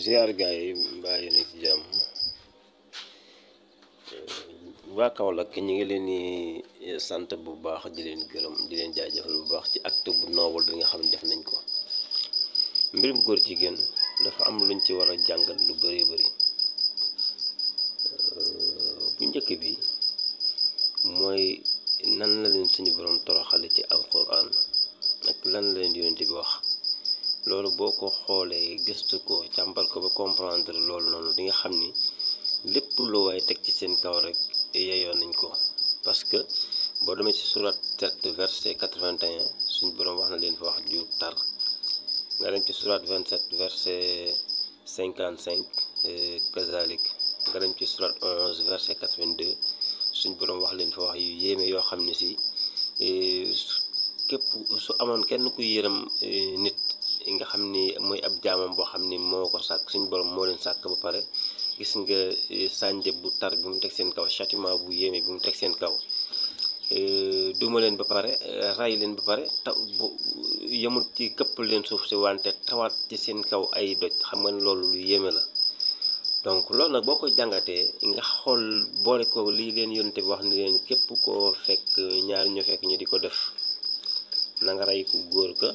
ziar gaay yi mbaa yéen ci jàmm euh, waa Kaolack ñu ngi leen di sant bu baax di leen gërëm di leen jaajëfal bu baax ci acte bu noble bi nga xam ne def nañ ko mbir mbirum góor jigéen dafa am luñ ci war a jàngat lu bëree bëri euh, bu njëkk bi mooy nan la leen suñu borom toroxale ci alquran ak lan la leen yonente bi wax loolu boo ko xoolee gëstu ko càmbar ko ba comprendre loolu noonu di nga xam ni lépp lu waay teg ci seen kaw rek yeyoon nañ ko parce que boo demee ci surat 7 verset 81 suñ boroom wax na leen fa wax ju tar nga dem ci surat 27 verset 55 euh, kazalik nga dem ci surat 11 verset 82 suñ boroom wax leen fa wax yu yéeme yoo xam ne si euh, képp su amoon kenn ku yërëm euh, nit nga xam ni mooy ab jaamam boo xam ni moo ko sàkk suñ borom moo leen sàkk ba pare gis nga eh, sànje bu tar bi mu teg seen kaw châtiment bu yéeme bi mu teg seen kaw eh, duma leen ba pare ray leen ba pare ta yemul ci këpp leen suuf si wante tawaat ci seen kaw ay doj xam nga ne loolu lu yéeme la donc loolu nag boo ko jàngatee nga xool boole koo lii leen yonte bi wax ni leen képp koo fekk ñaar ñu fekk ñu di ko def na nga rey ku góor ka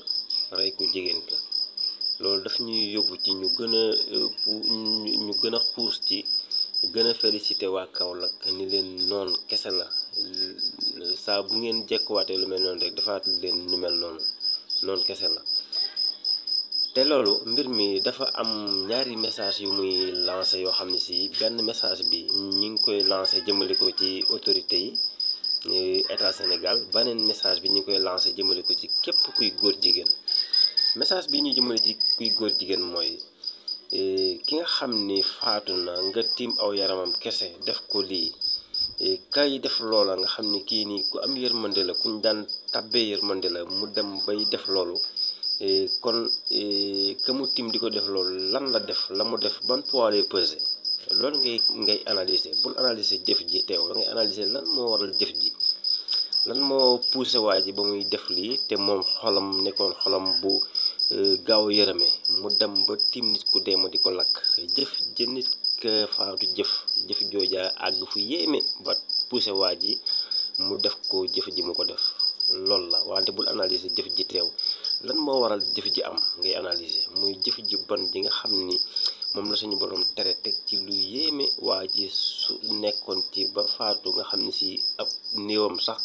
rey ku jigéen ka loolu daf ñuy yóbbu ci ñu gën a euh, ñu gën a xuus ci gën a félicité waa Kaolack ni leen noonu kese la saa bu ngeen jekkuwaatee lu mel noonu rek defaat leen ñu mel noonu noonu kese la te loolu mbir mi dafa am ñaari message yu muy lancé yoo xam ne si benn message bi ñu ngi koy lancé jëmale ko ci autorité yi état Sénégal beneen message bi ñu ngi koy lancé jëmale ko ci képp kuy góor jigéen message bi ñu jëmale ci kuy góor jigéen mooy eh, ki nga xam ni faatu na nga tiim aw yaramam kese def ko lii eh, kay def loola nga xam ni kii nii ku am yërmande la kuñ daan tabbee yërmande la mu dem bay def loolu eh, kon ka mu tiim di ko def loolu lan la def la mu def ban poids lay loolu ngay ngay analyser bul analyser jëf ji teew da ngay analyser lan moo waral jëf ji lan moo poussé waa ji ba muy def lii te moom xolam nekkoon xolom bu gaaw yërëme mu dem ba tiim nit ku dee ma di ko lakk jëf jënit ka faatu jëf jëf jooja àgg fu yéeme ba poussé waa ji mu def ko jëf ji mu ko def loolu la wante bul analyser jëf ji teew lan moo waral jëf ji am ngay analyser muy jëf ji bon ji nga xam ni moom la sañu borom tere teg ci lu yéeme waa ji su nekkoon ci ba faatu nga xam ne si ab néewam sax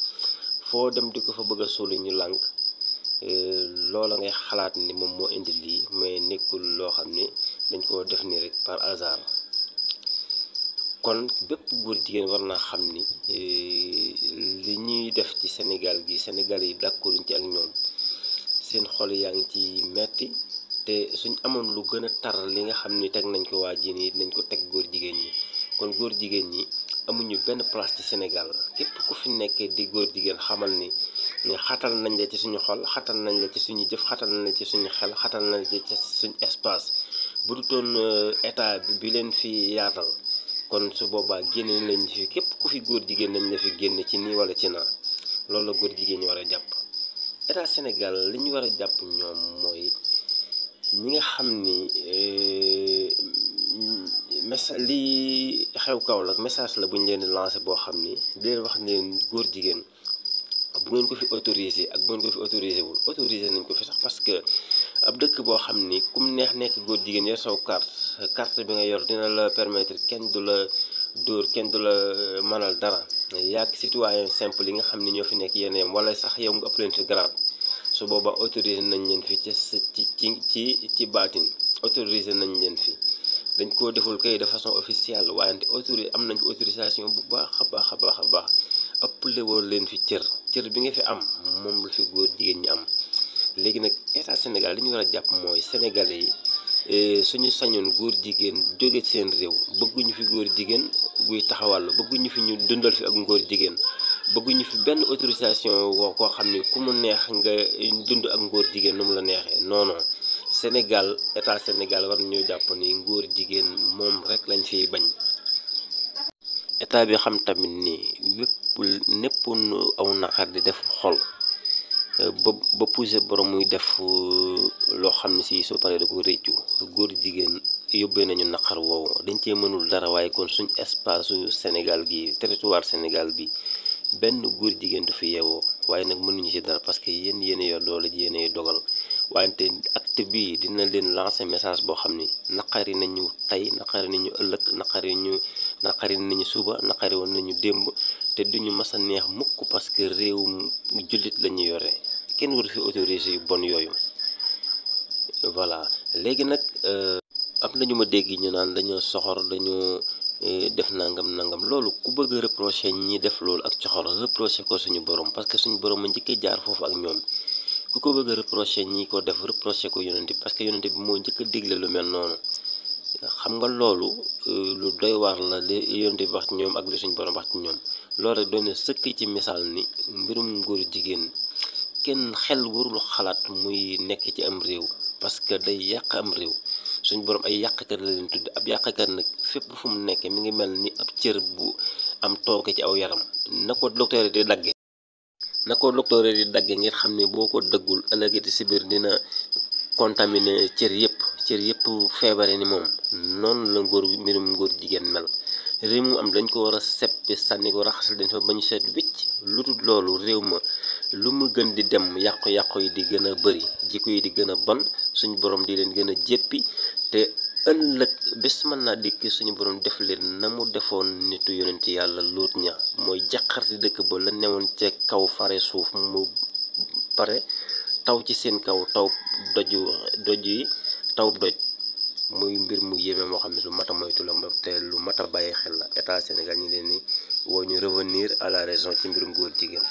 foo dem di ko fa bëgg a suuli ñu lànk Euh, loola ngay xalaat ni moom moo indi lii mais nekkul loo xam ne dañ koo def nii rek par hasard kon bépp góor jigéen war naa xam ni euh, li ñuy def ci senegal gi senegal yi d'accorduñ ci ak ñoom seen xol yaa ngi ci metti te suñ amoon lu gën a tar li nga xam ni teg nañ ko waa ji nii nañ ko teg góor jigéen ñi kon góor jigéen ñi amuñu benn place ci Sénégal képp ku fi nekk di góor jigéen xamal ni ne xatal nañ la ci suñu xol xatal nañ la ci suñu jëf xatal nañ la ci suñu xel xatal nañ la ci suñu espace bu dutoon euh, état bi leen fi yaatal kon su boobaa génne lañ fi képp ku fi góor jigéen nañ la fi génne ci nii wala ci na loolu la góor jigéen ñi war a jàpp état Sénégal li ñu war a jàpp ñoom mooy ñi nga xam ni euh, message li xew kaw la message la buñ leen di lancé boo xam ni di leen wax leen góor jigéen bu ngeen ko fi autorisé ak bu ngeen ko fi autorisé wul autorisé nañ ko fi sax parce que ab dëkk boo xam ni kum neex nekk góor jigéen yor saw carte carte bi nga yor dina la permettre kenn du la dóor kenn du la euh, mënal dara yaak citoyen simple yi nga xam ni ñoo fi nekk yeneen yem wala sax yow nga ëpp leen su boobaa autorisé nañ leen fi ci ci ci ci baatin autorisé nañ leen fi dañ koo deful kay de façon officielle waaye autorisé am nañ fi autorisation bu baax baax a baax a baax ëpp le leen fi cër cër bi nga fi am moom la fi góor jigéen ñi am léegi nag état Sénégal li war a jàpp mooy sénégalais yi eh, suñu sañoon góor jigéen jóge seen réew bëgguñu fi góor jigéen guy taxawal bëgguñu fi ñu dundal fi ak ngóor jigéen bëgguñu fi benn autorisation woo koo xam ne ku mu neex nga dund ak ngóor jigéen nu mu la neexee non non Sénégal état Sénégal war nañoo jàpp ni ngóor jigéen moom rek lañ fi bañ. état bi xam tamit nii lépp népp aw naqar di def xol euh, ba ba poussé borom muy def euh, loo xam ne si soo paree da ko réccu góor jigéen yóbbee nañu naqar woowu dañ cee mënul dara waaye kon suñ espace su Sénégal gi territoire Sénégal bi benn góor jigéen du fi yeewoo waaye nag mënuñu ci dara parce que yéen yéen yor doole ji yéen dogal wante acte bii dina leen lancer message boo xam ni naqari nañu tey naqari nañu ëllëg naqari ñu naqari nañu suba naqari woon nañu démb te duñu mas a neex mukk parce que mu jullit la ñu yore kenn waru fi autorisé yu bon yooyu voilà léegi nag euh, am nañu ma dégg ñu naan dañoo soxor dañu euh, def nangam nangam loolu ku bëgg a reproché ñi def loolu ak soxor reproché ko suñu borom parce que suñu borom a njëkkee jaar foofu ak ñoom ku ko bëgg a reproché ñi ko def reproché ko yonent bi parce que yonent bi moo njëkk a digle lu mel noonu xam nga loolu euh, lu doy waar la li yonte di wax ci ñoom ak li suñu borom wax ci ñoom loolu rek sëkk ci misaal ni mbirum góor jigéen kenn xel warul xalaat muy nekk ci am réew parce que day yàq am réew suñu borom ay yàqkat la leen tudd ab yàqkat nag fépp fu mu nekk mi ngi mel ni ab cër bu am tooge ci aw yaram na ko docteur di dagge na ko docteur di dagge ngir xam ne boo ko dëggul ëllëgati si biir dina contaminé cër yépp cër yëpp feebare ni moom noonu la góor mbirum góor jigéen mel réew mu am dañ ko war a seppi sànni ko raxasal dañ fa bañu seet wicc lu dul loolu réew ma lu mu gën di dem yàqu-yàqu yi di gën a bëri jikko yi di gën a bon suñu boroom di leen gën a jéppi te ëllëg bés mën naa dikk suñu borom def leen na mu defoon nitu yonent yàlla luut ña mooy jàqarti dëkk ba la newoon ca kaw fare suuf mu pare taw ci seen kaw taw doj yi taw doj muy mbir mu yéeme moo xam ne lu mat a moytu la te lu mat a bàyyi xel la état Sénégal ñi leen ni woo ñu revenir à la raison ci mbirum góor jigéen